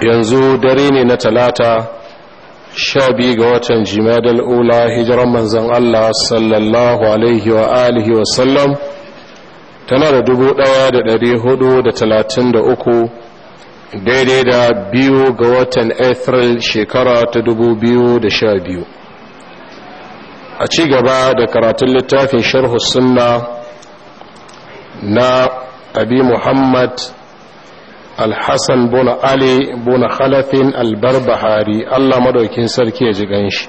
yanzu dare ne na talata sha biyu ga watan jimadal ula hijiran manzan Allah sallallahu alaihi wa alihi wa sallam tana da dubu daya da dari hudu da talatin da uku daidai da biyu ga watan Afril shekara ta dubu biyu da sha biyu a ci gaba da karatun littafin sharhu sunna na abi muhammad alhassan buna ali buna khalafin albarbahari allah madaukin sarki ya ji ganshi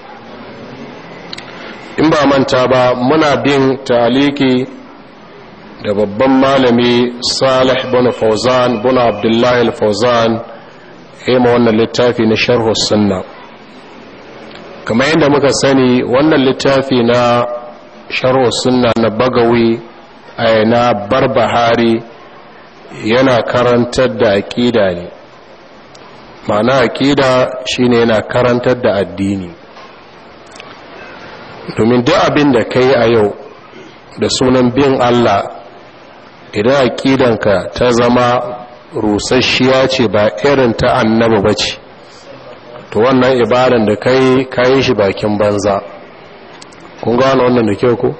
in ba manta ba muna bin taliki da babban malami salih buna fauzan buna abdullahi fauzan ma wannan littafi na sharhu sunna kamar yadda muka sani wannan littafi na sharhu sunna na bagawi a yana barbahari yana karantar da aƙida ne ma'ana aƙida shine yana karantar da addini domin duk abin da ka yi a yau da sunan bin Allah idan aƙidanka ta zama rusasshiya ce ba irin ta annaba ba ce to wannan ibadan da ka kai kayi shi bakin banza kun gano wannan da kyau ku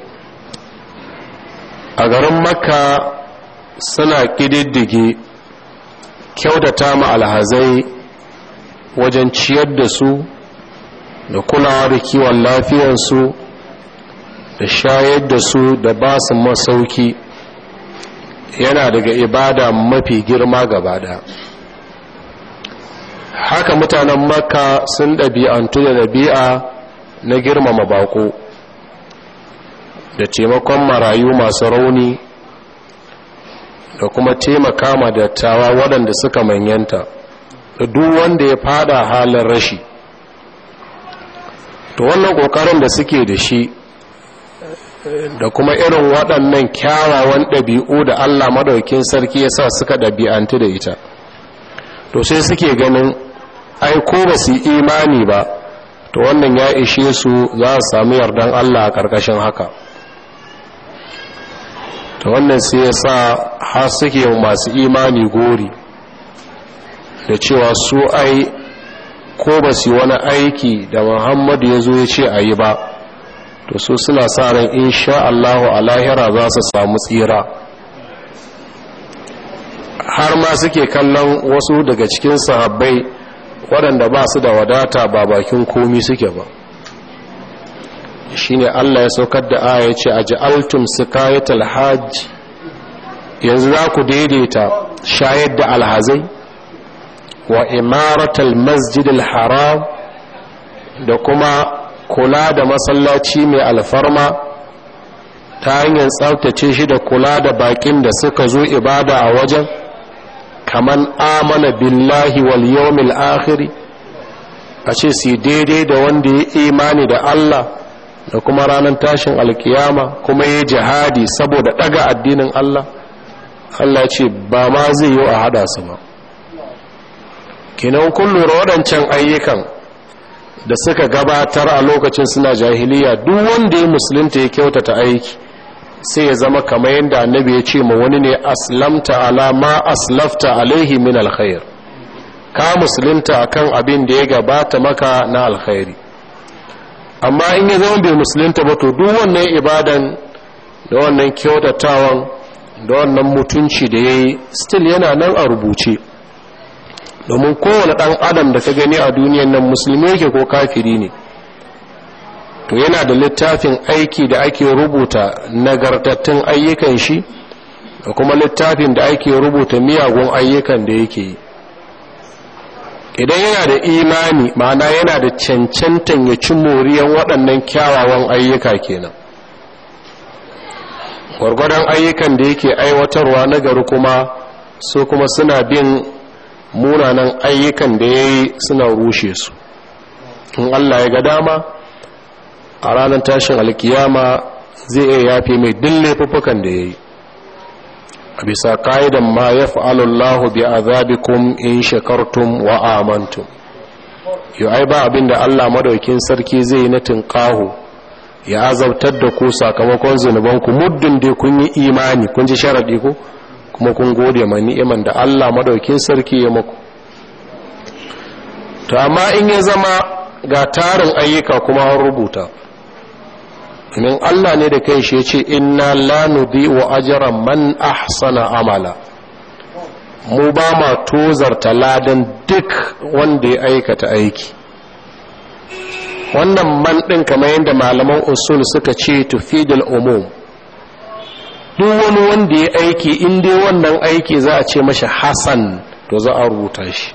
a garin makka suna ƙididdige kyautata ma alhazai wajen ciyar da su da kulawa da kiwon su da shayar da su da ba su masauki yana daga ibada mafi girma gabaɗaya haka mutanen makka sun ɗabi'antu da ɗabi'a na girmama bako da taimakon marayu masu rauni da kuma taimaka ma dattawa waɗanda suka manyanta da duk wanda ya fada halin rashi to wannan ƙoƙarin da suke da shi da kuma irin waɗannan kyawawan ɗabi'u da allah maɗaukin sarki ya sa suka ɗabi'antu da ita to sai suke ganin ai ko ba su imani ba to wannan ya ishe su za su sami yardan allah a ƙarƙashin haka to wannan sai ya sa har suke masu imani gori da cewa su ai ko ba su wani aiki da muhammadu ya zo ya ce a yi ba to su suna sa ran insha Allahu a lahira za su samu tsira har ma suke kallon wasu daga cikin sahabbai waɗanda ba su da wadata ba bakin komi suke ba shine Allah ya saukar da aya ce aj'altum sikayatal hajj yanzu za ku daidaita shayar da alhazai wa imaratal masjidil haram da kuma kula da masallaci mai alfarma ta hanyar tsaftace shi da kula da bakin da suka zo ibada a wajen kaman amana billahi wal yawmil akhir a ce su daidai da wanda ya imani da Allah da kuma ranar tashin alkiyama kuma ya jihadi saboda daga addinin Allah Allah ce ba ma zai yi a hada su ba kinan kullu lura waɗancan ayyukan da suka gabatar a lokacin suna jahiliya duk wanda ya musulunta ya kyautata aiki sai ya zama kamar yadda annabi ya ce ma wani ne aslamta alama aslafta alaihi min alkhair ka musulunta akan abin da ya gabata maka na alkhairi amma in ya zama bai musulunta ba to duk wannan ibadan da wannan kyautatawan da wannan mutunci da ya yi still yana nan a rubuce domin kowane ɗan adam da ka gani a duniyan nan musulmi yake ko kafiri ne to yana da littafin aiki da ake rubuta nagartattun ayyukan shi da kuma littafin da ake rubuta miyagun ayyukan da yake yi idan yana da imani ma'ana yana da cancantan ya ci moriyan waɗannan kyawawan ayyuka kenan gwargwadon ayyukan da yake aiwatarwa na gari kuma su kuma suna bin munanan ayyukan da ya yi suna rushe su in allah ya ga dama a ranar tashin alkiyama zai iya yafe mai dille fuffukan da ya yi bisa ka'idan ma ya fa'alallahu bi azabikum in shakartum wa amantum yau ai ba abin da allah madaukin sarki zai yi na tinkahu ya azabtar da ku sakamakon zunubanku muddin da kun yi imani kun ji sharaɗi ku kuma kun gode ma ni'iman da allah madaukin sarki ya maku to amma in ya zama ga tarin ayyuka kuma an rubuta domin Allah ne da kai shi ce inna la wa ajra man ahsana amala mu ba ma tozarta ladan duk wanda ya aikata aiki wannan man din kamar yadda malaman usul suka ce tufidul umum duk wani wanda ya aiki in dai wannan aiki za a ce mashi hasan to za a rubuta shi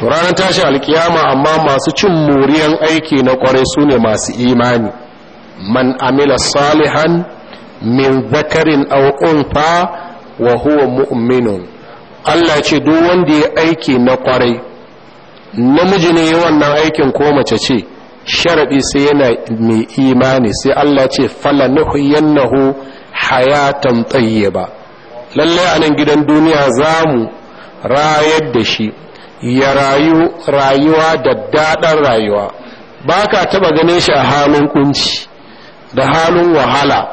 to ranar tashi alkiyama amma masu cin moriyan aiki na kwarai su ne masu imani man amila salihan min zakarin aw unfa wa huwa mu'minun Allah ce duk wanda ya aiki na kwarai namiji ne wannan aikin ko mace ce sharadi sai yana mai imani sai Allah ce fala nuhyiyannahu hayatan tayyiba lalle a nan gidan duniya zamu rayar da shi ya rayu rayuwa da dadan rayuwa ba ka taba ganin shi a halin kunci da halin wahala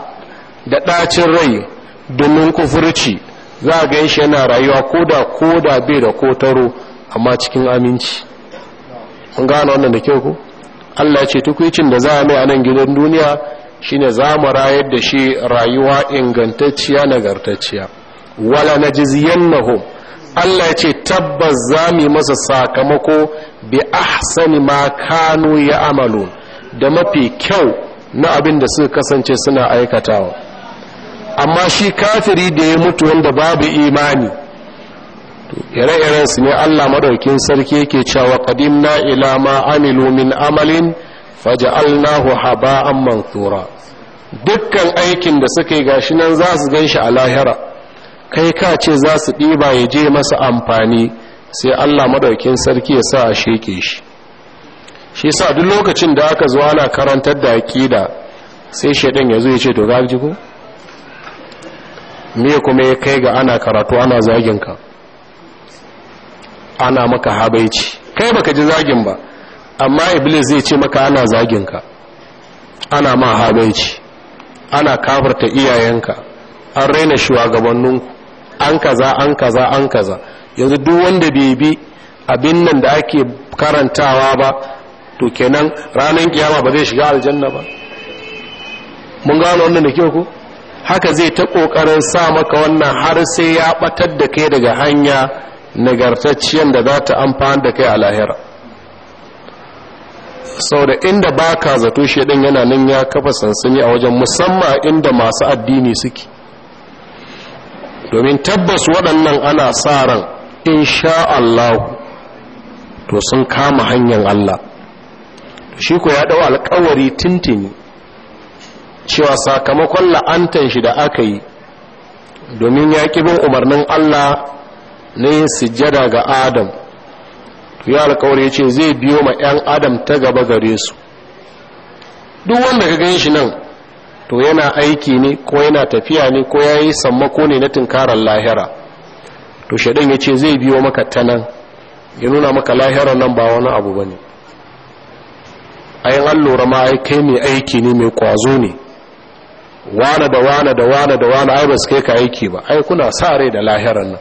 da ɗacin rai domin kufurci za a yana rayuwa koda koda bai da kotaro amma cikin aminci An gano wannan da kyau ku Allah ce tukwicin da za a mai a nan gidan duniya shine za mu rayar da shi rayuwa ingantacciya nagartacciya wala na najziyannahum Allah ce tabbas za mu masa sakamako bi ahsani ma Kano ya amalu da mafi kyau na abin da suka kasance suna aikatawa amma shi kafiri da ya mutu wanda babu imani ire irensu ne Allah madaukin sarki yake cewa qadimna ila ma amilu min amalin faj'alnahu haba'an manthura dukkan aikin da suka yi gashi nan za su ganshi a lahira kai ka ce za su ɗiba ya je masa amfani sai Allah madaukin sarki ya sa a sheke shi shi sa duk lokacin da aka zuwa na karantar da aƙida sai shaidan ya zo ya ce to za ji ko me kuma ya kai ga ana karatu ana zagin ka ana maka habaici kai baka ji zagin ba amma iblis zai ce maka ana zagin ka ana ma habaici ana kafarta iyayenka an raina shugabanninku an kaza an kaza an kaza yanzu duk wanda bai bi abin nan da ake karantawa ba to kenan ranar kiyama ba zai shiga aljanna ba mun gano wannan da kyau ko haka zai ta kokarin sa maka wannan har sai ya batar da kai daga hanya nagartacciyar da za ta amfani da kai a lahira sau da inda baka zato shi din yana nan ya kafa sansani a wajen musamman inda masu addini suke domin tabbas waɗannan ana sa ran sha Allah to sun kama hanyar Allah shi ko ya dau alƙawari tintini cewa sakamakon la'antan shi da aka yi domin ya ƙi bin umarnin Allah na yin sujjada ga Adam to ya alƙawari ya ce zai biyo ma 'yan Adam ta gaba gare su duk wanda ka gan shi nan to yana aiki ne ko yana tafiya ne ko ya yi sammako ne na tunkarar lahira to shaɗin ya ce zai biyo maka ta nan ya nuna maka lahirar nan ba wani abu ba ne ayin an lura ma ai kai mai aiki ne mai kwazo ne wane da wane da wane da wane ai ba su kai ka aiki ba ai kuna sa rai da lahiran nan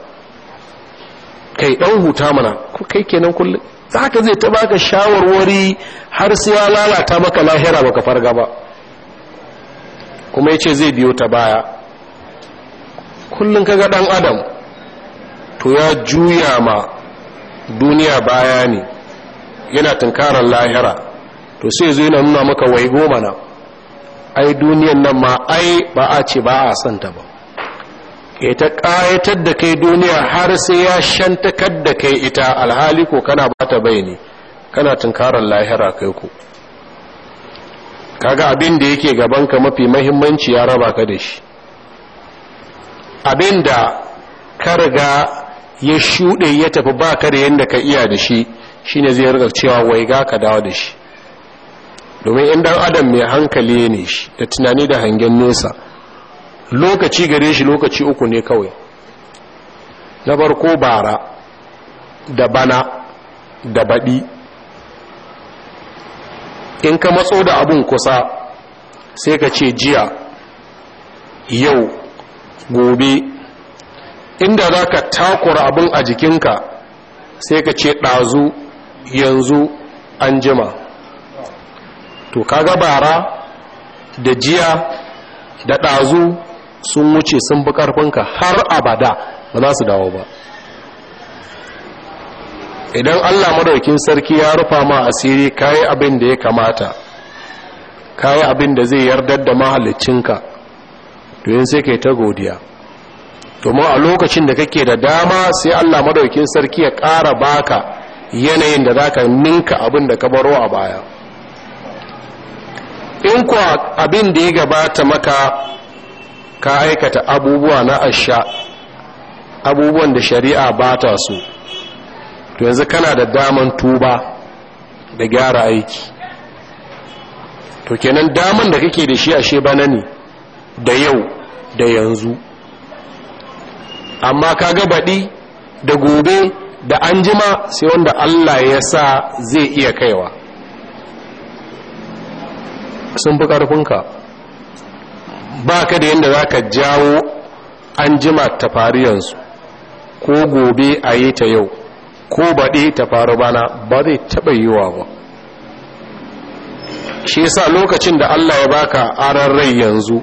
kai ɗan huta mana kai kenan kullum za ka zai ta baka shawarwari har sai ya lalata maka lahira baka farga ba kuma ya ce zai biyo ta baya kullum ka ga ɗan adam to ya juya ma duniya baya ne yana tunkarar lahira to sai zo yana nuna maka wai goma na ai duniyan nan ma ai ba a ce ba a santa ba ke ta kayatar da kai duniya har sai ya shantakar da kai ita alhali ko kana ba ta bayani kana tunkarar lahira kai ku kaga abin da yake gabanka mafi mahimmanci ya raba ka da shi abin da karga ya shuɗe ya tafi ba ka da yadda ka iya da shi shine zai riga cewa wai ka dawo da shi domin in dan adam mai hankali ne shi da tunani da hangen nesa lokaci gare shi lokaci uku ne kawai na barko bara da bana da baɗi in ka matso da abun kusa sai ka ce jiya yau gobe inda za ka takura abin a jikinka sai ka ce ɗazu yanzu an jima to kaga bara da jiya da ɗazu sun wuce sun bi ƙarfinka har abada ba za su dawo ba idan allah madaukin sarki ya rufa ma asiri kayi abin da ya kamata kayi abin da zai yardar da mahalicinka yin sai kai ta godiya domin a lokacin da kake da dama sai allah madaukin sarki ya ƙara baka yanayin da za ka ninka abin da ka baro a baya in kuwa abin da ya gabata maka ka aikata abubuwa na asha abubuwan da shari'a ba ta so to yanzu kana da daman tuba da gyara aiki to kenan daman da kake da shi ashe bana ne da yau da yanzu amma ka gabaɗi da gobe da anjima sai wanda allah ya sa zai iya kaiwa sun fi ƙarfinka ba ka da yadda za ka jawo an jima yanzu ko gobe a yi ta yau ko baɗe ta faru bana ba zai taɓa yiwa ba shi yasa lokacin da allah ya baka aran rai yanzu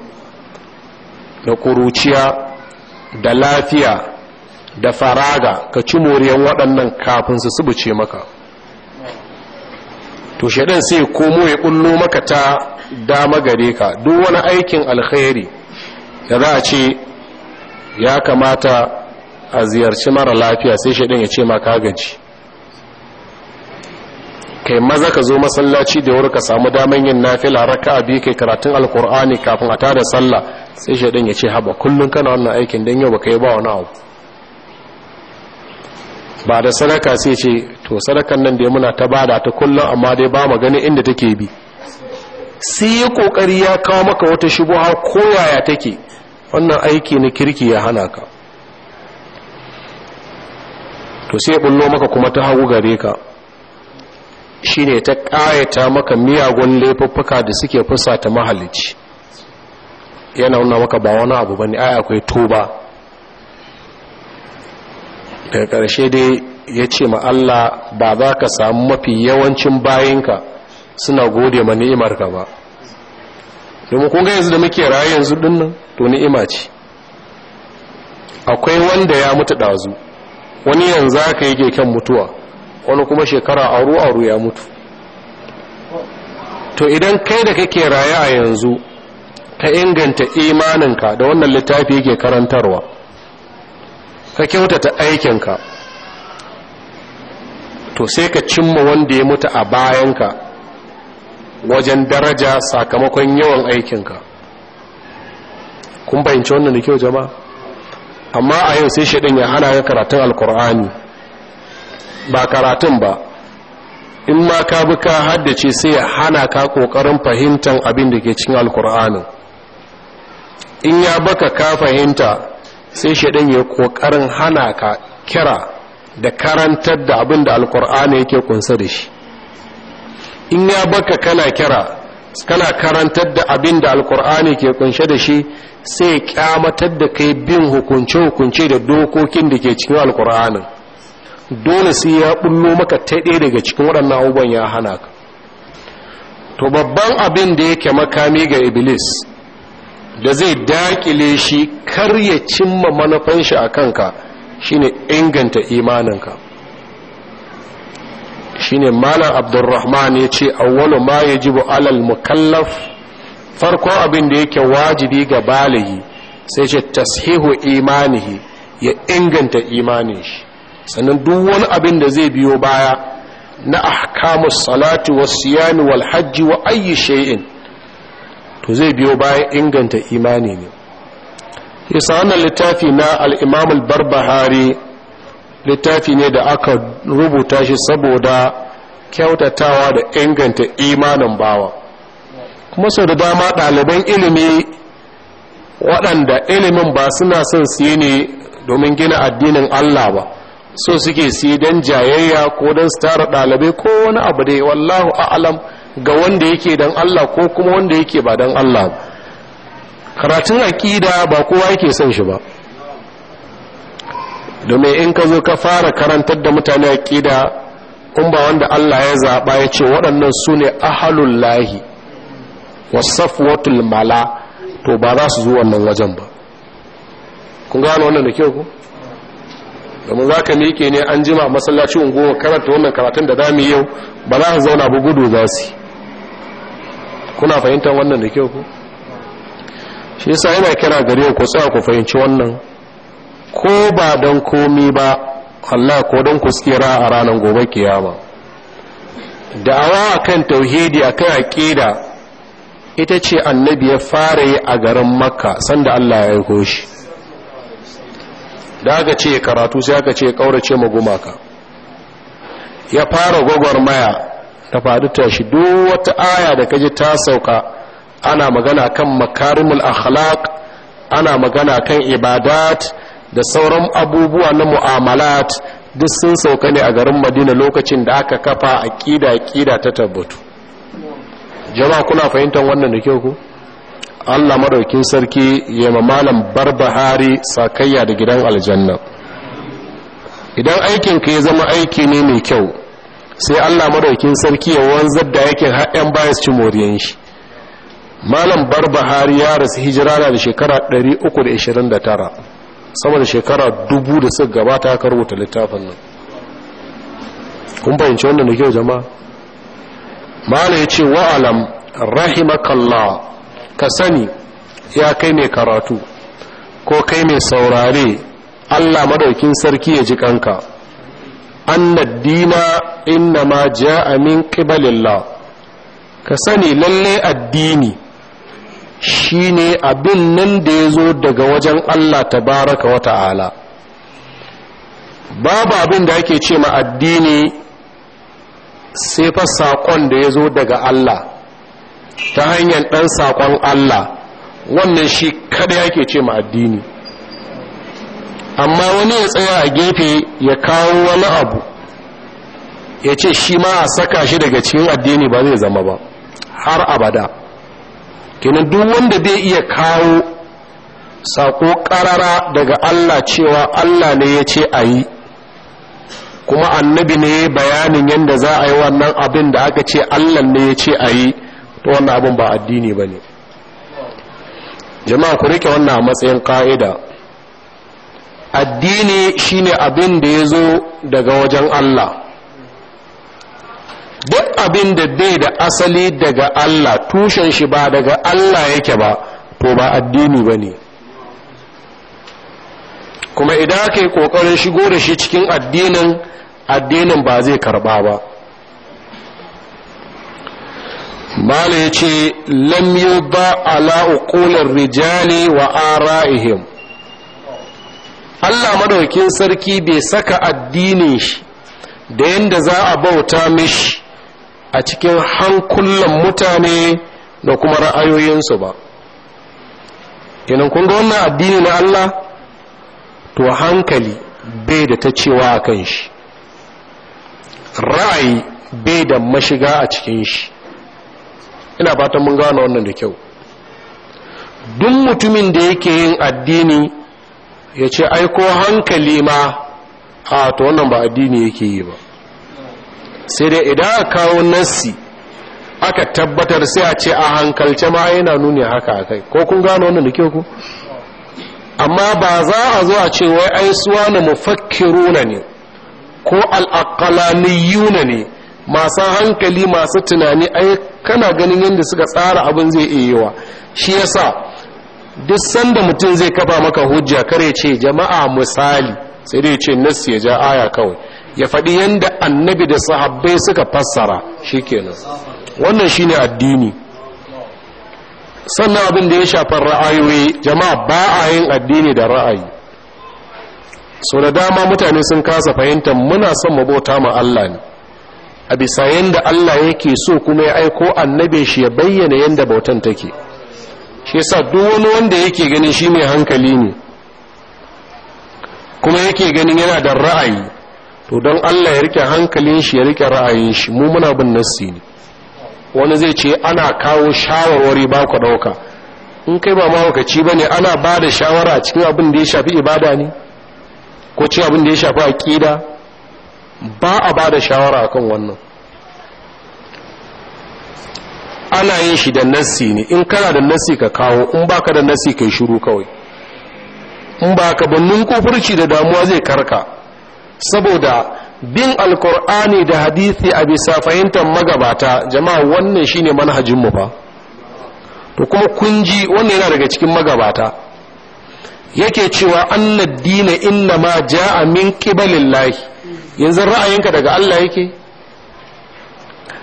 da ƙuruciya da lafiya da faraga ka ci moriyar waɗannan kafin su subuce maka to shaɗin sai komo ya ƙullo maka ta dama gare ka duk wani aikin alkhairi da za a ce ya kamata a ziyarci mara lafiya sai shaɗin ya ce maka gaji kai maza ka zo masallaci da wuri ka samu daman yin nafila a biyu kai karatun alkur'ani kafin a tada sallah sai shaɗin ya ce haɓa kullum kana wannan aikin don yau ba yi ba wani abu ba da sadaka sai ce to sadakan nan da muna ta bada ta kullum amma dai ba mu gani inda take bi sai ƙoƙari kokari ya kawo maka wata shubuha ko yaya take wannan aiki na kirki ya hana ka to sai bullo maka kuma ta hagu gare ka shine ta ƙayata maka miyagun laifuffuka da suke fusata mahalici yana nuna maka ba wani abu bane ai akwai toba daga ƙarshe dai ya ce ma Allah ba za ka samu mafi yawancin bayinka suna gode ma ni'imar ka ba domin kun yanzu da muke raye yanzu dinnan to ni'ima ce akwai wanda ya mutu dazu wani yanzu aka yi keken mutuwa wani kuma shekara aru aru ya mutu to idan kai da kake raye a yanzu ka inganta imaninka da wannan littafi yake karantarwa ka kyautata aikinka to sai ka cimma wanda ya mutu a bayanka wajen daraja sakamakon yawan aikinka kun bayanci wannan da kyau jama'a amma a yau sai shaɗin ya hana ga karatun alkur'ani ba karatun ba in ma ka bi ka haddace sai ya hana ka ƙoƙarin fahimtar abin da ke cikin alkur'anin in ya baka ka fahimta sai shaɗin ya ƙoƙarin hana ka kira da karantar da abin da alkur'ani yake kunsa da shi in ya baka kana kira kana karantar da abin da alkur'ani ke kunshe da shi sai kyamatar da kai bin hukunce-hukunce da dokokin da ke cikin alkur'ani dole sai ya bullo maka ta ɗaya daga cikin waɗannan abubuwan ya hana ka to babban abin da yake makami ga iblis da zai dakile shi kar ya cimma manufan a kanka shine inganta imaninka shine malam abdurrahman ya ce awwalu ma yajibu alal mukallaf farkon abin da yake wajibi ga balihi sai ce tashihu imanihi ya inganta imanin shi sannan duk wani abin da zai biyo baya na ahkamus salati was wal hajji wa ayyi shay'in to zai biyo bayan inganta imani ne yasa littafi na al-imam al-barbahari littafi ne da aka rubuta shi saboda kyautatawa da inganta imanin bawa kuma sau da dama ɗaliban ilimi waɗanda ilimin ba suna son siye ne domin gina addinin Allah ba so suke siye don jayayya ko don su tara ɗalibai ko wani abu da wallahu a'alam ga wanda yake don Allah ko kuma wanda yake ba don Allah ba karatun aƙida ba kowa yake son shi ba domin in ka zo ka fara karantar da mutane aƙida in ba wanda Allah ya zaɓa ya ce waɗannan su ne ahalullahi wasafwatul mala to ba za su zo wannan wajen ba kun gano wannan da kyau ku domin za ka miƙe ne an jima masallaci unguwa karanta wannan karatun da dami yau ba za su zauna ba gudu za su kuna fahimtar wannan da kyau ku shi yasa yana kira gare ku tsaya ku fahimci wannan ko ba don komi ba Allah ko don kuskira a ranar gobe kiyama da'awa kan tauhidi a a aqida ita ce annabi ya fara yi a garin makka sanda Allah ya aiko shi da aka ce karatu sai aka ce kaurace mu gumaka ya fara gwagwarmaya ta faɗi tashi duk wata aya da kaji ta sauka ana magana kan makarimul akhlaq ana magana kan ibadat da sauran abubuwa na mu'amalat duk sun sauka ne a garin madina lokacin da aka kafa a ƙida ƙida ta tabbatu jama'a kuna fahimtar wannan da kyau ku allah madaukin sarki ya mamalan barbahari sakayya da gidan aljanna idan aikin ka ya zama aiki ne mai kyau sai allah madaukin sarki ya wanzar da yakin haɗin bayan ci moriyan shi malam barbahari ya rasu hijira na da shekara 329 sama da shekara dubu da suka gabata aka rubuta littafin nan kun fahimci wannan da kyau jama'a mala ya ce wa'alam rahimakallah ka sani ya kai mai karatu ko kai mai saurare allah madaukin sarki ya ji kanka annad dina inna ma ja'a min qibalillah ka sani lalle addini Shi ne abin nan da ya zo daga wajen Allah ta wata wata'ala babu abin da ake ce ma addini sai fa saƙon da ya zo daga Allah ta hanyar ɗan sakon Allah wannan shi kada yake ce ma addini amma wani ya tsaya a gefe ya kawo wani abu ya ce shi ma a saka shi daga cikin addini ba zai zama ba har abada kenan duk wanda zai iya kawo sako karara daga Allah cewa Allah ne ya ce a yi kuma annabi ne bayanin yadda za a yi wannan abin da aka ce Allah ne ya ce a yi to wannan abin ba addini ba ne jama'a ku rike wannan matsayin ka'ida addini shine abin da ya zo daga wajen Allah duk abin da bai da asali daga Allah tushen shi ba daga Allah yake ba to ba addini ba ne kuma idan aka yi ƙoƙarin shigo da shi cikin addinin addinin ba zai karɓa ba mala ya ce lam ba ala rijali wa ara'ihim Allah madaukin sarki bai saka addinin shi da yadda za a bauta mishi a cikin hankulan mutane da kuma ra'ayoyinsu ba inan kun ga wannan addini na Allah to hankali bai da ta cewa a kan shi ra'ayi bai da mashiga a cikin shi ina fatan mun gane wannan da kyau duk mutumin da yake yin addini ya ce aiko hankali ma a to wannan ba addini yake yi ba sai dai idan akawo kawo nassi aka tabbatar sai a ce a hankalce ma yana nuni haka a kai ko kun gano wannan da kyau ku amma ba za a zo a ce wai ai suwa na mufakkiruna ne ko al'aqalaniyuna ne masu hankali masu tunani ai kana ganin yadda suka tsara abin zai iya yiwa shi yasa duk sanda mutum zai kafa maka hujja kare ce jama'a misali sai dai ce nassi ya ja aya kawai ya faɗi yadda annabi da sahabbai suka fassara shi kenan wannan shi ne addini sannan abin da ya shafar ra'ayoyi jama'a ba a yin addini da ra'ayi sau da dama mutane sun kasa fahimtar muna son mu bauta ma Allah ne a bisa yadda Allah yake so kuma ya aiko Annabi shi ya bayyana yadda bautan take shi yasa duk wani wanda yake ganin shi mai hankali ne kuma yake ganin yana da ra'ayi to don Allah ya rike hankalin shi ya rike ra'ayin shi mu muna bin nassi ne wani zai ce ana kawo shawarwari ba ku dauka in kai ba mawakaci ba ne ana ba da shawara cikin abin da ya shafi ibada ne ko cikin abin da ya shafi aƙida ba a ba da shawara akan wannan ana yin shi da nassi ne in kana da nassi ka kawo in baka da nassi kai shiru kawai in baka bannin kofurci da damuwa zai karka saboda bin alkur'ani da hadisi a bisa fahimtar magabata jama'a wannan shi ne manhajinmu ba to kuma kunji ji wannan yana daga cikin magabata yake cewa annad dina inna ma ja'a min lahi yanzu ra'ayinka daga Allah yake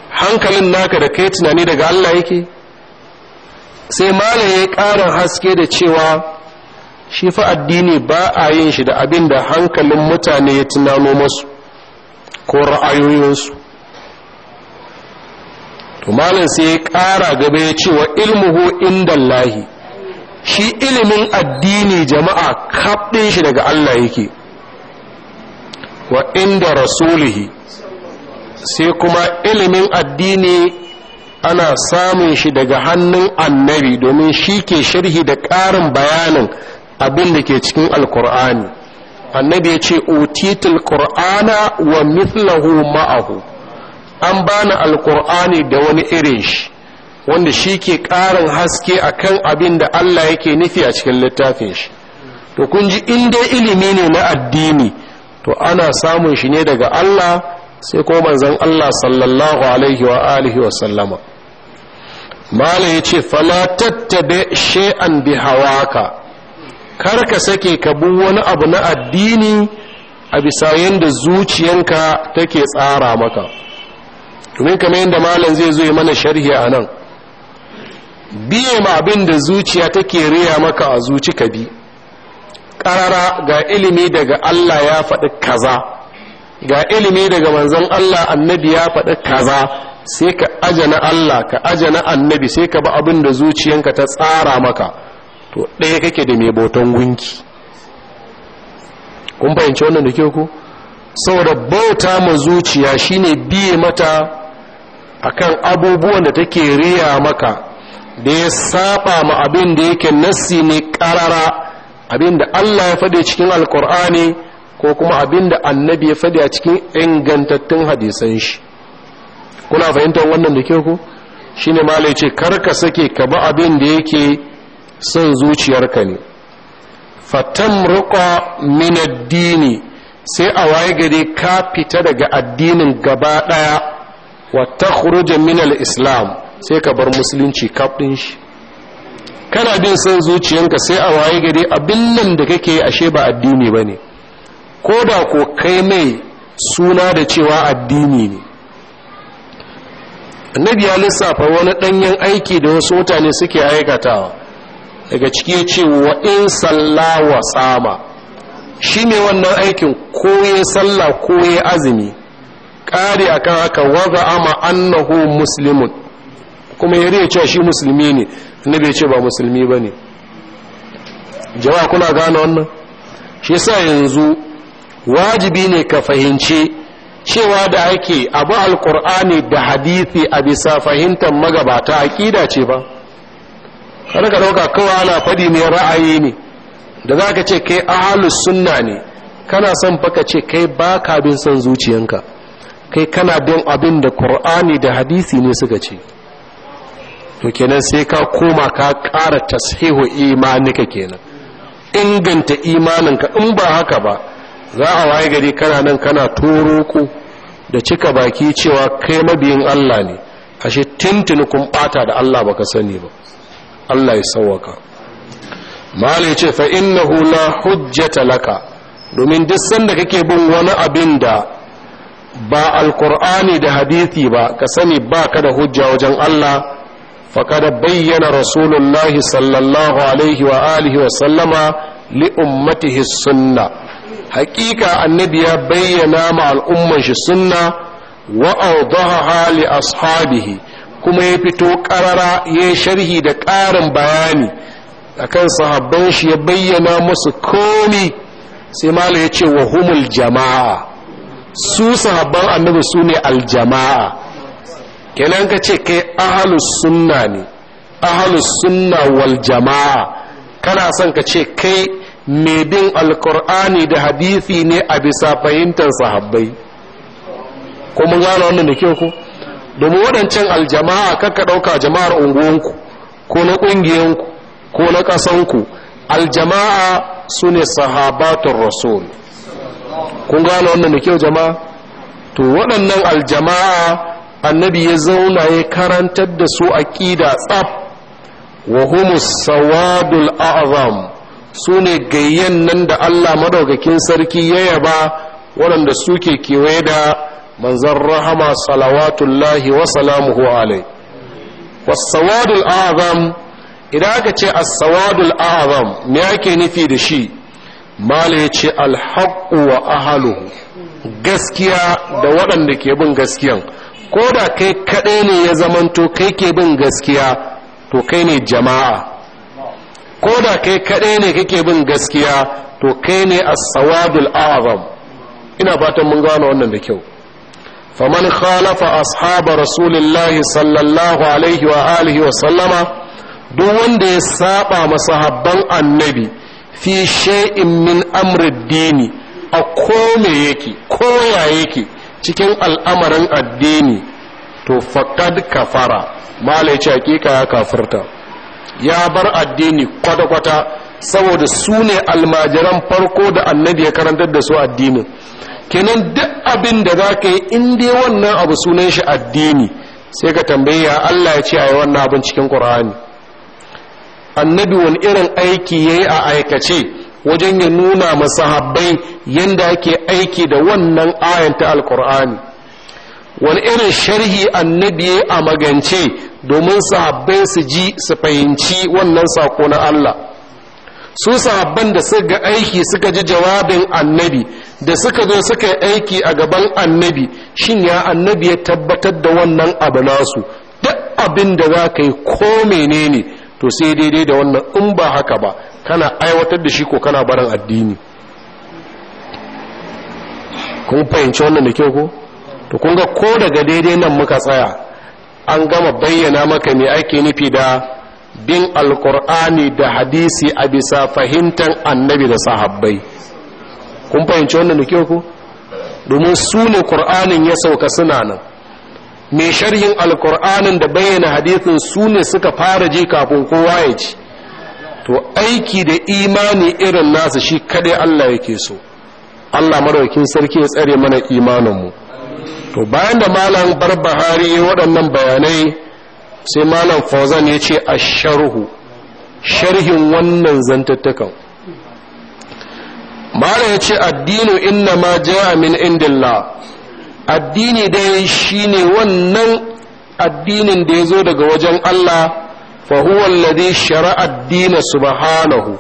hankalin naka da kai tunani daga Allah yake sai malam ƙarin haske da cewa shi fa addini ba a yin shi da abin da hankalin mutane ya tunano masu ko ra'ayoyinsu to malam sai ya ƙara gaba ya ce wa ilmuhu indallahi shi ilimin addini jama'a kaɗin shi daga Allah yake wa inda rasulihi sai kuma ilimin addini ana samun shi daga hannun annabi domin shi ke sharhi da ƙarin bayanin abin da ke cikin alkur'ani annabi ya ce otitul qur'ana wa mithlahu ma'ahu an bani alkur'ani da wani irin shi wanda shi ke ƙarin haske a kan abin da Allah yake nufi a cikin littafin shi to kun ji in dai ilimi ne na addini to ana samun shi ne daga Allah sai ko manzon Allah sallallahu alaihi wa alihi wa sallama mala yace fala tattabi shay'an bi hawaka kar ka sake ka bu wani abu na addini a bisa yadda zuciyanka take tsara maka domin kama yadda malam zai zo mana sharhi a nan biye ma abin da zuciya take riya maka a zuci ka bi ƙarara ga ilimi daga Allah ya faɗi kaza ga ilimi daga manzon Allah annabi ya faɗi kaza sai ka ajana Allah ka na annabi sai ka ba abin da zuciyanka ta tsara maka to ɗaya kake da mai bautan gunki kun fahimci wannan da kyau ku saboda bauta ma zuciya shine biye mata akan abubuwan da take riya maka da ya saba ma abin da yake nassi ne karara abin da Allah ya fade cikin alkur'ani ko kuma abin da annabi ya faɗi a cikin ingantattun hadisan shi kuna fahimtar wannan da kyau ku shine malai ce karka sake ka ba abin da yake son zuciyarka ne fatan riƙa min addini sai a waye gari ka fita daga addinin gaba ɗaya wata khuruja min islam sai ka bar musulunci kaf shi kana bin son zuciyarka sai a waye gari abin nan da kake ashe ba addini ba ne ko da ko kai mai suna da cewa addini ne annabi ya lissafa wani ɗanyen aiki da wasu mutane suke aikatawa daga ciki ya ce wa in salla wa tsama shi ne wannan aikin koye salla koye azumi ƙari akan haka waza ama annahu muslimun kuma ya riya cewa shi musulmi ne na bai ce ba musulmi ba ne Jawa kuna gane wannan shi sa yanzu wajibi ne ka fahimci cewa da ake abu alkur'ani da hadithi a bisa fahimtar magabata aƙida ce ba kada ka ɗauka kawai ana faɗi ne ra'ayi ne da za ka ce kai ahalus sunna ne kana son baka ce kai ba ka bin son zuciyanka kai kana bin abin da Kur'ani da hadisi ne suka ce to kenan sai ka koma ka ƙara tashihu ka kenan inganta imaninka in ba haka ba za a waye gari kana nan kana toro ku da cika baki cewa kai mabiyin Allah ne ashe tintini kun bata da Allah baka sani ba Allah ya sawwaka malai ce fa innahu la hujjata laka domin duk sanda kake bin wani abin da ba alkur'ani da hadisi ba ka sani baka da hujja wajen Allah faqad bayyana rasulullahi sallallahu alaihi wa alihi wa sallama li ummatihi sunna haƙiƙa annabi ya bayyana ma al'umman shi sunna wa awdaha li ashabihi kuma ya fito karara ya sharhi da ƙarin bayani A kan sahabban shi ya bayyana musu komi sai malam ya ce wa humul jama'a su sahabban annabi su ne aljama'a kenan ka ce kai ahalus sunna ne ahalus sunna wal jama'a kana son ka ce kai mai bin alkur'ani da hadisi ne a bisa fahimtar sahabbai ko mun gano wannan da kyau ku? domin waɗancan aljama'a kakka ɗauka jama'ar unguwanku ko na ƙungiyanku ko na ƙasanku aljama'a su ne sahabatun rasul kun gane wannan da kyau jama'a to waɗannan aljama'a annabi ya zauna ya karantar da su aƙida tsaf wa humus sawadul a'zam su ne gayyan nan da allah madaukakin sarki ya yaba waɗanda suke kewaye da manzan rahama salawatullahi wa salamuhu alai wasawadul azam idan aka ce asawadul azam me ake nufi da shi mala ya ce alhaƙu wa ahaluhu gaskiya da waɗanda ke bin gaskiyan ko da kai kaɗai ne ya zamanto kai ke bin gaskiya to kai ne jama'a ko da kai kaɗai ne kake bin gaskiya to kai ne asawadul sawadul a'zam ina fatan mun gano wannan da kyau faman khalafa ashaba rasulillahi sallallahu alaihi wa alihi wa sallama duk wanda ya saɓa ma masahabban annabi fi shay'in min amri dini a kome yake koya yake cikin al'amarin addini to faqad kafara mala yace hakika ya kafirta ya bar addini kwata-kwata saboda sune almajiran farko da annabi ya karantar da su addinin kenan duk abin da za ka yi in dai wannan abu sunan shi addini sai ka tambaye ya Allah ya ce a yi wannan abin cikin ƙur'ani annabi wani irin aiki ya yi a aikace wajen ya nuna habbai yadda ake aiki da wannan ayan ta alƙur'ani wani irin sharhi annabi ya a magance domin sahabbai su ji su fahimci wannan sako na Allah su sahabban da suka aiki suka ji jawabin annabi da suka zo suka yi aiki a gaban annabi shin ya annabi ya tabbatar da wannan abu nasu duk abin da za ka yi ko menene to sai daidai da wannan in ba haka ba kana aiwatar da shi ko kana barin addini kun fahimci wannan da kyau ko to kun ko daga daidai nan muka tsaya an gama bayyana maka ne ake nufi da bin alkur'ani da hadisi a bisa fahimtar annabi da sahabbai kun fahimci wannan da kyau ku domin su ne ƙur'anin ya sauka suna nan mai sharhin alƙur'anin da bayyana hadithin su ne suka fara ji kafin kowa ya ci to aiki da imani irin nasu shi kadai Allah yake so Allah maraukin sarki ya tsare mana imaninmu to bayan da malam barbahari waɗannan bayanai sai malam fauzan ya ce a sharhu sharhin wannan zantattakan mara ya ce addinu inna ma ja'a min indillah addini dai shine wannan addinin da ya zo daga wajen Allah fa huwa alladhi shara'a ad-din subhanahu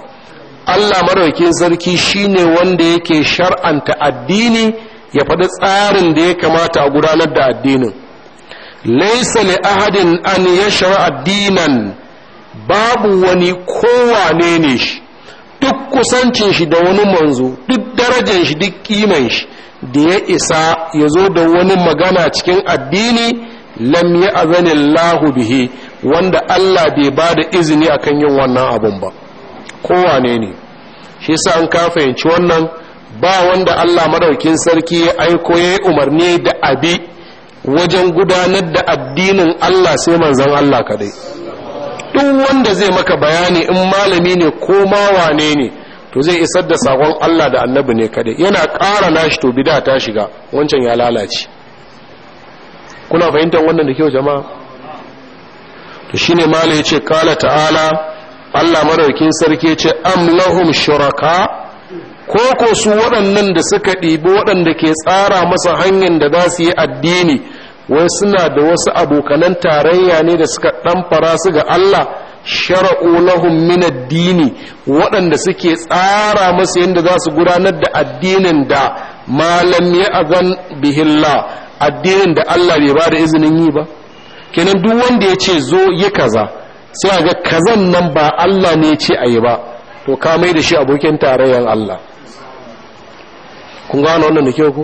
Allah maraukin sarki shine wanda yake shar'anta addini ya faɗi tsarin da ya kamata a gudanar da addinin laysa li ahadin an yi ad-dinan babu wani kowane ne shi duk kusancin shi da wani manzo duk darajar shi duk kiman shi da ya isa ya zo da wani magana cikin addini lam ya azanillahu bihi wanda Allah bai ba da izini akan yin wannan abun ba kowane ne shi sa an ka fahimci wannan ba wanda Allah madaukin sarki ya aiko ya umarni da abi wajen gudanar da addinin Allah sai manzon Allah kadai duk wanda zai maka bayani in malami ne ko ma wane ne to zai isar da sakon Allah da annabi ne kadai yana ƙara nashi to bida ta shiga wancan ya lalace kuna fahimtar wannan da kyau jama'a to shine malai yace kala ta'ala Allah maraukin sarki yace am lahum shuraka ko ko su waɗannan da suka ɗibi waɗanda ke tsara masa hanyar da za su yi addini wai suna da wasu abokanan tarayya ne da suka ɗanfara su ga Allah shara'u lahum min addini waɗanda suke tsara masu yadda za su gudanar da addinin da malam ya azan bihilla addinin da Allah bai ba da izinin yi ba kenan duk wanda ya ce zo yi kaza sai ga kazan nan ba Allah ne ya ce a yi ba to ka mai da shi abokin tarayyan Allah kun gano wannan da kyau ku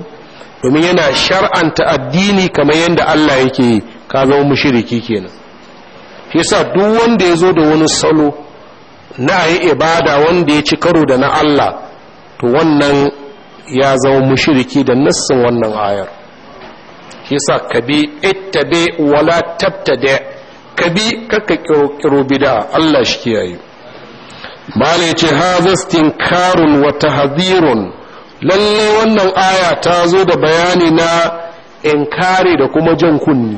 domin yana shar'anta addini kamar yadda Allah yake ka zama mushiriki kenan shi yasa duk wanda ya zo da wani salo na yi ibada wanda ya ci karo da na Allah to wannan ya zama mushiriki da nassin wannan ayar shi yasa kabi ittabe wala ka kabi kaka kiro bid'a Allah shi kiyaye bala yace hadha istinkarun wa tahdhirun Lallai wannan aya ta zo da bayani na inkari da kuma jan kunni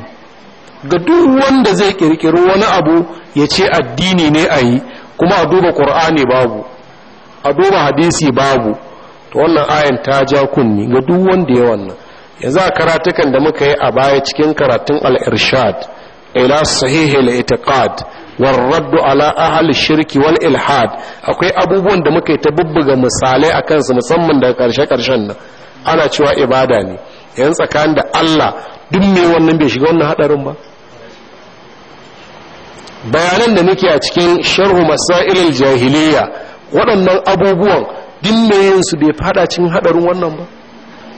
ga duk wanda zai kirkiri wani abu ya ce addini ne a yi kuma a duba ƙur'ani babu a duba hadisi babu to wannan ayan ta ja kunni ga duk wanda ya wannan yanzu a karatukan da muka yi a baya cikin karatun al-irshad ila sahih al-i'tiqad warraddu ala ahli shirki wal ilhad akwai abubuwan da muka yi ta bubbuga misalai a kansu musamman daga karshe-karshen nan ana cewa ibada ne yan tsakanin da Allah duk me wannan bai shiga wannan hadarin ba bayanan da nake a cikin sharhu masailil jahiliya waɗannan abubuwan duk me yin su bai fada cikin hadarin wannan ba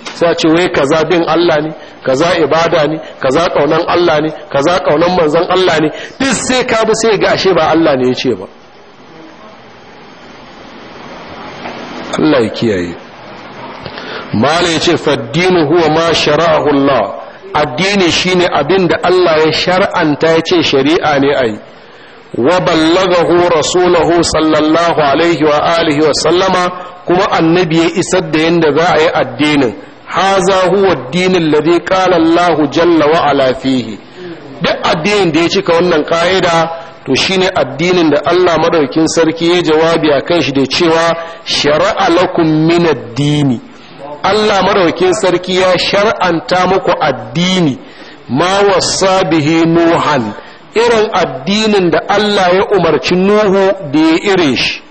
sai a ce wai kaza bin Allah ne kaza ibada ne kaza kaunan Allah ne kaza kaunan manzon Allah ne duk sai ka bi sai ga ashe ba Allah ne ya ce ba Allah ya kiyaye mala yace faddinu huwa ma shara'ahu Allah addini shine abin da Allah ya shar'anta ya ce shari'a ne ai wa ballagahu rasulahu sallallahu alaihi wa alihi wa sallama kuma annabi ya isar da yanda za a yi addinin haza huwa addinin lade qala Allah jalla wa ala fihi duk addinin da ya cika wannan ka'ida to shine addinin da Allah madaukin sarki ya jawabi a kan shi da cewa shara'a lakum min addini Allah madaukin sarki ya shar'anta muku addini ma wasa bihi nuhan irin addinin da Allah ya umarci Nuhu da ya ire shi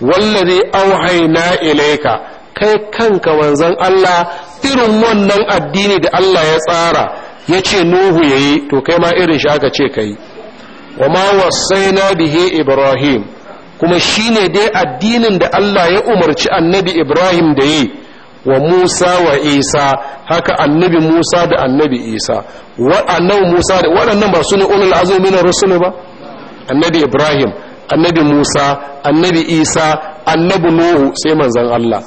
wallazi auhayna ilayka kai kanka wanzan Allah irin wannan addini da Allah ya tsara ya ce nuhu ya yi to kai ma irin shi aka ce ka yi wa ma na bihe ibrahim kuma shi ne dai addinin da Allah ya umarci annabi ibrahim da yi wa musa wa isa haka annabi musa da annabi isa waɗannan musa da waɗannan ba su ne ulul azumi na rasulu ba annabi ibrahim annabi musa annabi isa annabi nuhu sai manzon Allah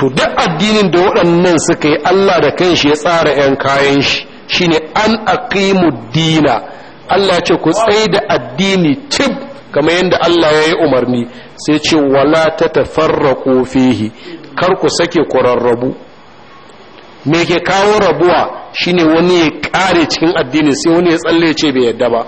to duk addinin da waɗannan suka yi Allah da kanshi ya tsara 'yan kayan shi shine an aqimu dina Allah ce ku tsaye da addini cib kamar yadda Allah ya yi umarni sai ce wala ta tafarraqu fihi kar ku sake ku rarrabu me ke kawo rabuwa shine wani ya ƙare cikin addini sai wani ya tsalle ce bai yadda ba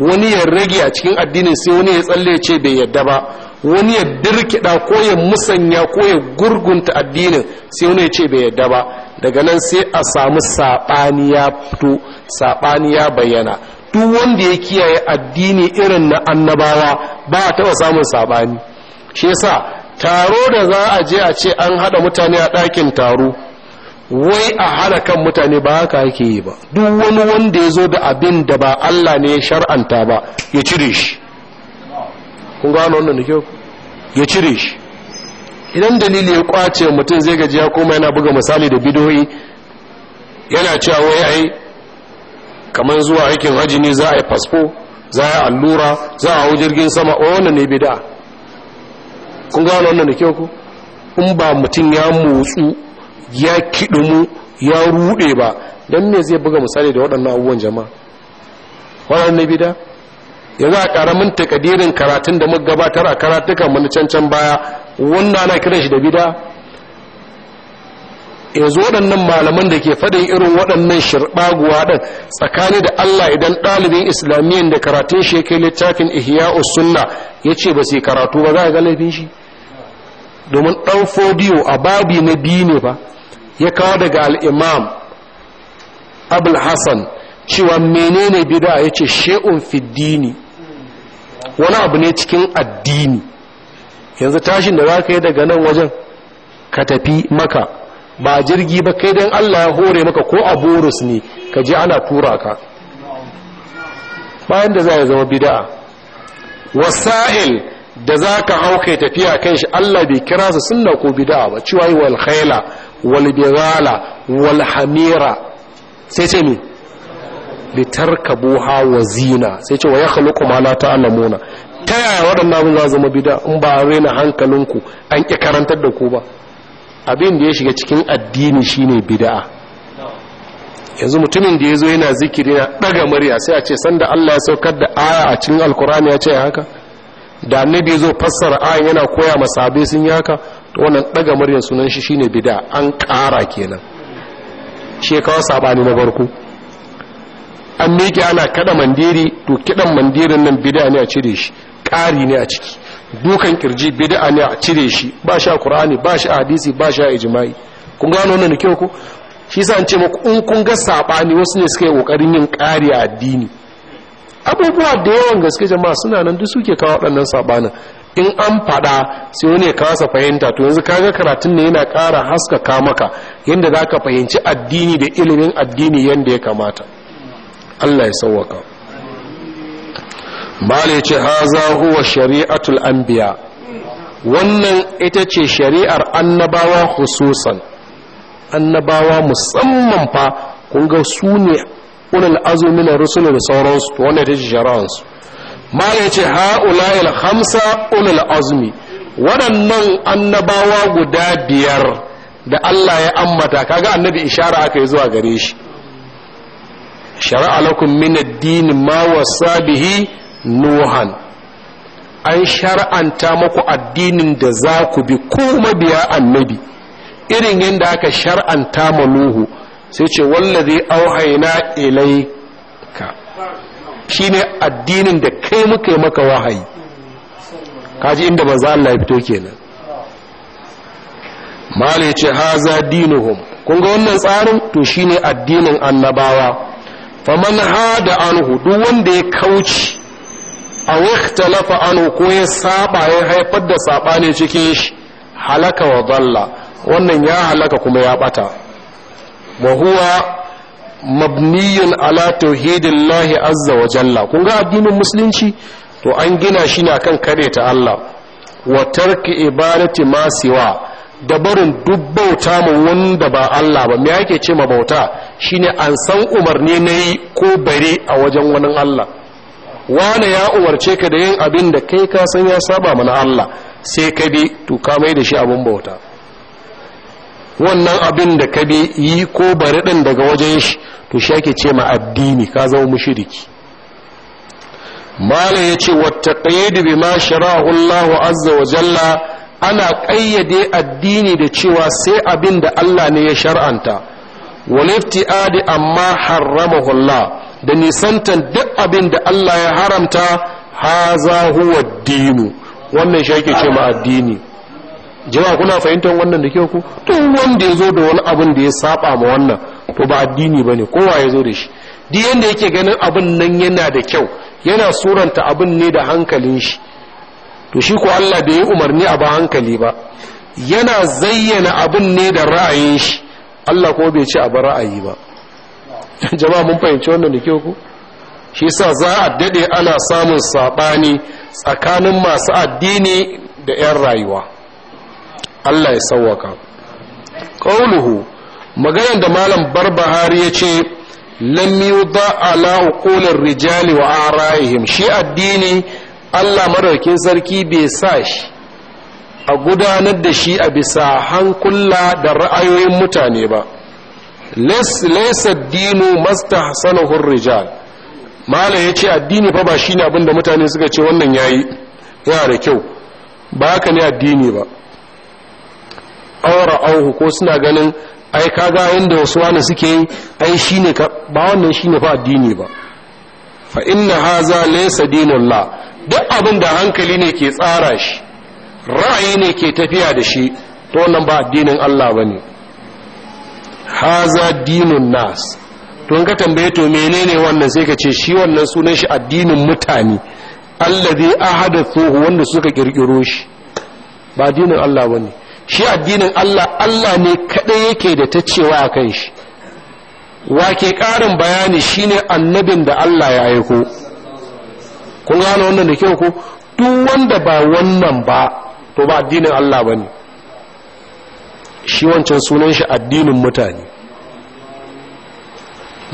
wani ya rage a cikin addinin sai wani ya tsalle ce bai yadda ba wani ya dirkida ko ya musanya ko ya gurgunta addinin sai wani ya ce bai yadda ba daga nan sai a samu saɓani fito saɓani ya bayyana duk wanda ya kiyaye addini irin na annabawa ba a taɓa samun saɓani shi yasa taro da za a je a ce an haɗa mutane a ɗakin taro wai a hana kan mutane ba haka yake yi ba duk wani wanda ya zo da abin da ba Allah ne ya shar'anta ba ya cire shi kun gano wannan da kyau ya cire shi idan dalili ya kwace mutum zai gaji ya koma yana buga misali da bidoyi yana cewa wai ai kamar zuwa aikin haji ne za a yi fasfo za a yi allura za a hau jirgin sama a wannan ne bida kun gano wannan da kyau ku in ba mutum ya motsu ya kidumu ya rude ba don me zai buga misali da waɗannan abubuwan jama'a waɗannan bida yanzu a karamin takadirin karatun da muka gabatar a karatukan mu cancan baya wannan na kiran shi da bida yanzu waɗannan malaman da ke faɗin irin waɗannan shirɓaguwa ɗin tsakani da Allah idan ɗalibin islamiyyar da karatun shi kai littafin ihya sunna ya ce ba sai karatu ba za a ga laifin shi domin ɗan fodiyo a babi na biyu ne ba ya kawo daga al'imam abul hassan cewa menene bida ya ce she'un fiddini wani abu ne cikin addini yanzu tashin da za ka yi daga nan wajen ka tafi maka ba jirgi ba kai don allah ya hore maka ko a borus ne ka je ana tura ka bayan da za ya zama bida'a wasa'il da za ka hau kai tafiya kai shi allah bai kira su sunna ko bida'a ba cewa walhaila walbirala walhamira wal sai ce ne litarkabuha wa zina sai ce wa ya khaluqu ma la ta'lamuna ta yaya waɗannan abin za zama bida in ba raina rena hankalinku an ki karantar da ku ba abin da ya shiga cikin addini shine bida. yanzu mutumin da ya zo yana zikiri na ɗaga murya sai a ce sanda Allah ya saukar da aya a cikin alkurani ya ce haka da annabi zo fassara ayan yana koya masabe sun yi haka wannan daga murya sunan shi shine bida an ƙara kenan shi ya sabani na farko an miƙe ana kada mandiri to kidan mandirin nan bid'a ne a cire shi ƙari ne a ciki dukan kirji bid'a ne a cire shi ba shi a kur'ani ba shi a hadisi ba shi a ijma'i kun gano wannan kyau ko shi sa an ce muku in kun ga sabani wasu ne suka yi kokarin yin ƙari a addini abubuwa da yawan gaske jama'a suna nan duk suke kawo waɗannan sabanin in an faɗa sai wani ya kasa fahimta to yanzu kaga karatun ne yana ƙara haskaka maka yadda za ka fahimci addini da ilimin addini yadda ya kamata Allah ya sauwaka bale ce haza huwa shari'atul anbiya wannan ita ce shari'ar annabawa hususan annabawa musamman fa kun ga su ne ulul azumi na rusulun sauransu to wannan ita ce shari'arsu bale ce ha ha'ula'il hamsa ulul azumi waɗannan annabawa guda biyar da Allah ya ammata kaga annabi ishara aka yi zuwa gare shi shari'a lakum min ad-din ma wasa nuhan an shar'anta muku addinin da za ku bi ko mabiya annabi irin yadda aka shar'anta ma nuhu sai ce wallazi auhayna ilayka shine addinin da kai muka maka wahayi kaji inda za Allah ya fito kenan mala ce haza dinuhum kun ga wannan tsarin to shine addinin annabawa faman hada anhu duk wanda ya kauce a ikhtalafa anhu ko ya saba ya haifar da sabani cikin shi halaka wa dalla wannan ya halaka kuma ya bata wa huwa mabniyun ala tauhidillahi azza wa jalla kun ga addinin musulunci to an gina shi ne akan ta Allah wa tarki ibadati ma siwa da barin duk bauta mu wanda ba Allah ba me yake ce ma bauta shine an san umarni na yi ko bare a wajen wani Allah wane ya umarce ka da yin abin da kai ka san ya saba mana Allah sai ka bi to ka da shi abin bauta wannan abin da ka bi yi ko bare ɗin daga wajen shi to shi ake ce ma addini ka zama mushriki malam yace bi ma shara'a Allah azza wa jalla ana ƙayyade addini da cewa sai abin da Allah ne ya shar'anta adi amma harramahu Allah da nisantan duk abin da Allah ya haramta haza huwa dinu wannan shi yake ce ma addini jama'a kuna fahimtar wannan da ke ku duk wanda ya zo da wani abin da ya saba ma wannan to ba addini bane kowa ya zo da shi duk yanda yake ganin abin nan yana da kyau yana suranta abin ne da hankalin shi to shi ko Allah bai yi umarni a ba hankali ba yana zayyana abin ne da ra'ayin shi Allah ko bai ce a bar ra'ayi ba jama'a mun fahimci wannan da ke ku shi sa za a dade ana samun sabani tsakanin masu addini da 'yan rayuwa Allah ya sauwaka qauluhu maganar da malam barbahari ya ce lam yudha ala uqulir rijali wa ara'ihim shi addini Allah madaukin sarki bai sa shi a gudanar da shi a bisa hankula da ra'ayoyin mutane ba laisa dinu masta sanahun rijal mala ya ce addini fa ba shi ne abinda mutane suka ce wannan yayi yana da kyau ba haka ne addini ba aura auhu ko suna ganin ai kaga yadda wasu wani suke yi ai shi ne ba wannan shi ne fa addini ba fa inna haza laisa dinullah duk abinda hankali ne ke tsara shi ra'ayi ne ke tafiya da shi to wannan ba addinin Allah bane haza dinun nas to in ka tambaye to menene wannan sai ka ce shi wannan sunan shi addinin mutane allazi ahadathu wanda suka kirkiro shi ba addinin Allah bane shi addinin Allah Allah ne kadai yake da ta cewa kan shi wake karin bayani shine annabin da Allah ya aiko kun gano wannan da kyau ko duk wanda ba wannan ba to ba addinin Allah ba ne shi wancan sunan shi addinin mutane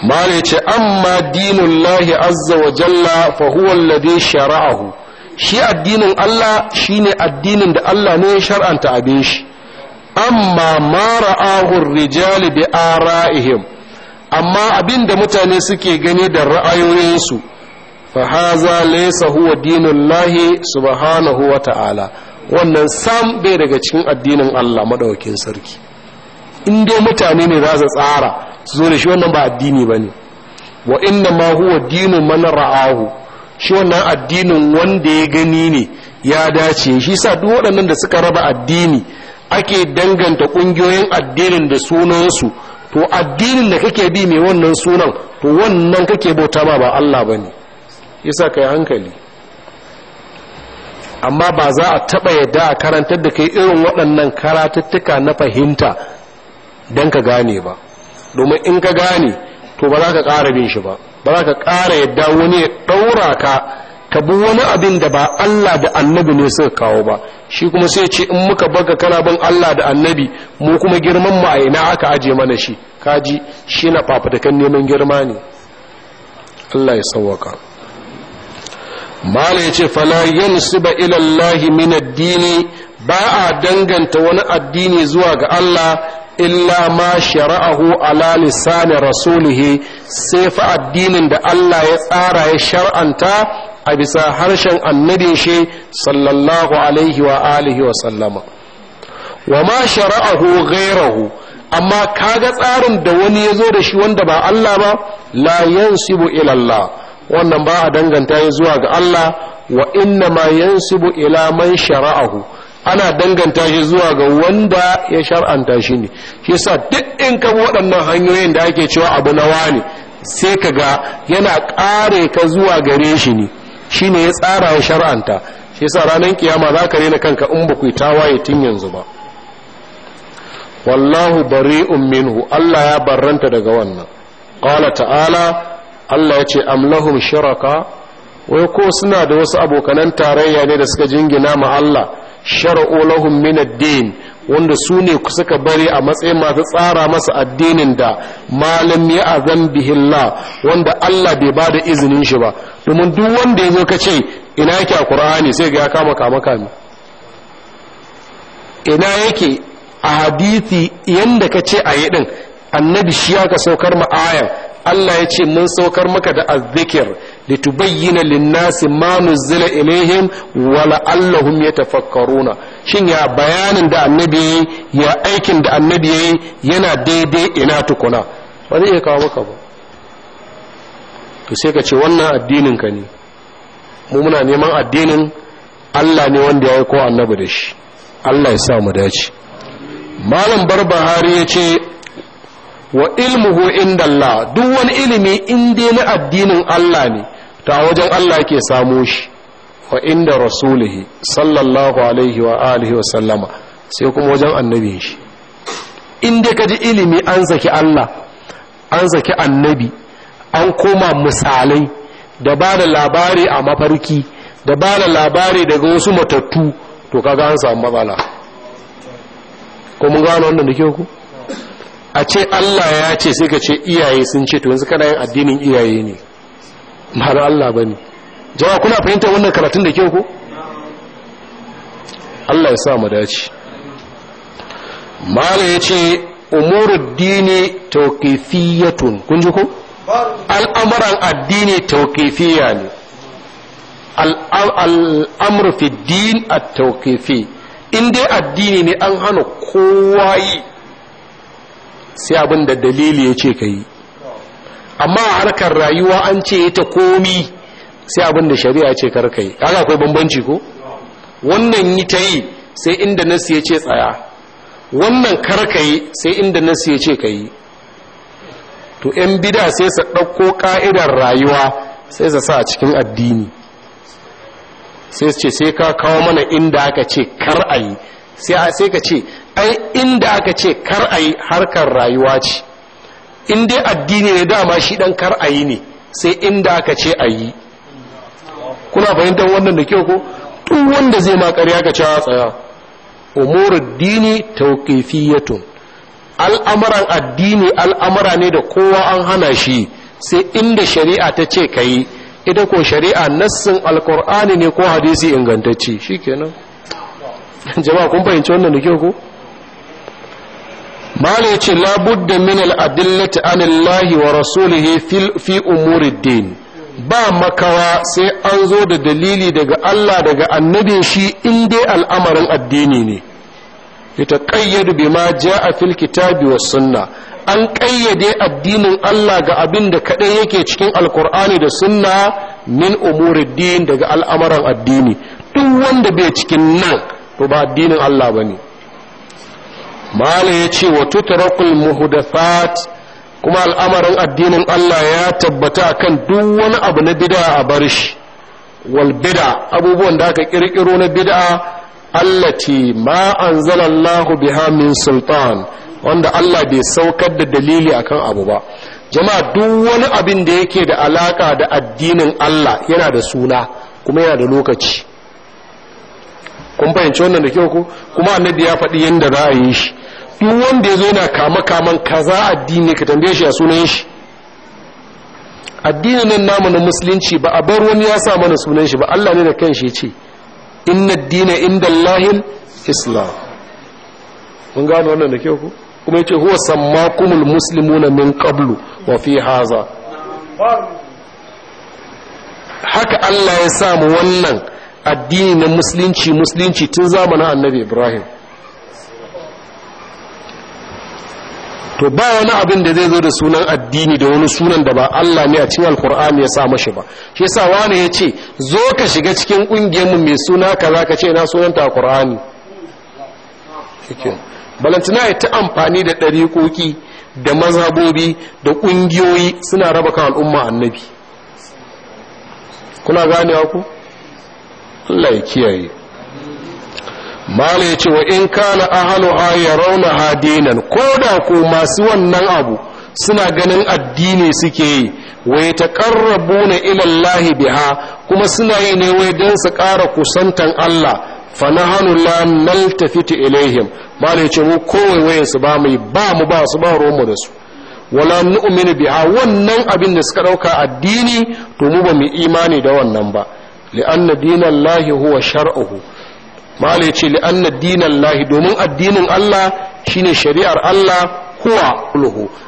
mara ce amma dinin lahi azza wa jalla fahuwan lade shara'ahu shi addinin Allah shi ne addinin da Allah ne shar'anta abin shi amma mara ahun rijali da ara'ihim amma abin da mutane suke gani da ra'ayoyinsu fa haza laisa huwa dinin lahi subhanahu wa ta'ala wannan sam bai daga cikin addinin Allah maɗaukin sarki in dai mutane ne za su tsara su zo da shi wannan ba addini ba ne wa inna ma huwa dinin man ra'ahu shi wannan addinin wanda ya gani ne ya dace shi sa duk waɗannan da suka raba addini ake danganta ƙungiyoyin addinin da sunansu to addinin da kake bi mai wannan sunan to wannan kake bauta ba ba Allah bane yasa ka hankali amma ba za a taɓa yadda a karantar da kai irin waɗannan karatattuka na fahimta don ka gane ba domin in ka gane to ba za ka ƙara bin shi ba ba za ka ƙara yadda wani ya ɗaura ka ka bi wani abin da ba Allah da annabi ne suka kawo ba shi kuma sai ce in muka baka kana bin Allah da annabi mu kuma girman mu a ina aka aje mana shi kaji shi na fafatakan neman girma ne Allah ya sauwaka mala ya ce fala yansuba ila Allah min addini ba a danganta wani addini zuwa ga Allah illa ma shara'ahu ala lisan rasulih sai fa addinin da Allah ya tsara ya shar'anta a bisa harshen annabin shi sallallahu alaihi wa alihi wa sallama wa ma shara'ahu ghairahu amma kaga tsarin da wani ya zo da shi wanda ba Allah ba la yansibu ila Allah wannan ba a danganta ya zuwa ga Allah wa inna ma yansibu ila man shara'ahu ana danganta shi zuwa ga wanda ya shar'anta shi ne shi yasa duk in ka waɗannan hanyoyin da ake cewa abu na wani sai ka ga yana ƙare ka zuwa gare shi ne shi ne ya tsara ya shar'anta shi yasa ranar kiyama za ka rena kanka in ba ku tawaye tun yanzu ba wallahu bari'un minhu Allah ya barranta daga wannan qala ta'ala Allah ya ce amlahum shiraka wai ko suna da wasu abokanan tarayya ne da suka jingina ma Allah shar'u lahum min ad-din wanda su ne suka bari a matsayin masu tsara masa addinin da malam ya azan bihillah wanda Allah bai ba da izinin shi ba domin duk wanda ya zo ka ce ina yake a Qur'ani sai ga ya kama kama kame ina yake a hadisi yanda ka ce a yi din annabi shi ya ka saukar ma ayan Allah ya ce mun saukar maka da azzikir litubayyana linnasi ma nuzila ilaihim wa la'allahum yatafakkaruna shin ya bayanin da annabi ya aikin da annabi yayi yana daidai ina tukuna ba zai iya kawo maka ba to sai ka ce wannan addinin ka ne mu muna neman addinin Allah ne wanda ya ko annabi da shi Allah ya sa mu dace malam barbahari ya ce wa ilmuhu inda Allah duk wani ilimi in dai na addinin Allah ne ta wajen Allah ke samo shi wa inda rasulihi sallallahu alaihi wa alihi wa sallama sai kuma wajen annabin shi in dai ka ji ilimi an saki Allah an saki annabi an koma misalai da ba da labari a mafarki da ba da labari daga wasu matattu to kaga an samu matsala ko mun gano wannan da ke ku a ce Allah ya ce sai ka ce iyaye sun ce to yanzu kana yin addinin iyaye ne ba Allah ba ne jawa kuna fahimtar wannan karatun da kyau ku? Allah ya sa mu dace mala ya ce umurud dini tawqifiyatun kun ji ku? al'amuran addini tawqifiya ne al'amru fi din at-tawqifi in dai addini ne an hana kowa yi sai abin da dalili ya ce ka yi amma a harkar rayuwa an ce ta komi sai abin da shari'a ce karka yi haka akwai bambanci ko wannan yi ta yi sai inda nasu ya ce tsaya wannan karka yi sai inda nasu ya ce ka yi to 'yan bida sai su ɗauko ƙa'idar rayuwa sai su sa a cikin addini sai su ce sai ka kawo mana inda aka ce kar a yi sai ka ce ai inda aka ce kar a yi harkar rayuwa ce in dai addini ne dama shi dan kar a yi ne sai inda aka ce a yi kuna fahimtar wannan da kyau ko duk wanda zai ma ƙarya ka cewa tsaya umurud dini tawqifiyatun al'amuran addini al'amura ne da kowa an hana shi sai inda shari'a ta ce kai ita ko shari'a nassin alqur'ani ne ko hadisi ingantacce shikenan jama'a kun fahimci wannan da kyau ko bala ya ce labudda min al'adillati anillahi wa rasulihi fi din ba makawa sai an zo da dalili daga Allah daga annabin shi in dai al'amarin addini ne ita kayyadu bi ma ja a fil kitabi wa sunna an ƙayyade addinin Allah ga abin da kaɗai yake cikin alkur'ani da sunna min din daga al'amarin addini duk wanda bai cikin nan to ba addinin Allah ba ne mala ya ce wa tutarakul muhdathat kuma al'amarin addinin Allah ya tabbata kan duk wani abu na bid'a a bar shi wal bid'a abubuwan da aka kirkiro na bid'a allati ma anzalallahu biha min sultan wanda Allah bai saukar da dalili akan abu ba jama'a duk wani abin da yake da alaka da addinin Allah yana da suna kuma yana da lokaci kun fahimci wannan da kyau ko kuma annabi ya faɗi yadda za a yi shi duk wanda ya zo yana kama kaman kaza addini ka tambaye shi a sunan shi addinin nan namu na musulunci ba a bar wani ya sa mana sunan shi ba Allah ne da kanshi ce inna dina inda Allahin islam mun gano wannan da kyau ku kuma yace huwa sammakumul muslimuna min qablu wa fi haza haka Allah ya samu wannan addini na musulunci musulunci tun zamanin annabi ibrahim to ba wani abin da zai zo da sunan addini da wani sunan da ba Allah ne a cikin alkur'ani ya sa mashi ba shi yasa wani ya ce zo ka shiga cikin kungiyar mu mai suna ka za ka ce na sunan ta alkur'ani balantana ya ta amfani da ɗariƙoƙi da mazhabobi da ƙungiyoyi suna raba kan al'umma annabi kuna ganewa ku Allah ya kiyaye mala ya ce wa in kana ahaluha yarawna hadinan koda ko masu wannan abu suna ganin addini suke yi wai taqarrabuna ila Allah biha kuma suna yi ne wai dan su kara kusantan Allah fa nahnu la naltafitu ilaihim mala ya ce mu kowai waye su ba mu ba mu ba su ba ruwan mu da su wala nu'minu biha wannan abin da suka dauka addini to mu ba mu imani da wannan ba li'anna dinan lahi huwa shar'uhu malai ce li'anna dinan lahi domin addinin Allah shine shari'ar Allah huwa ulhu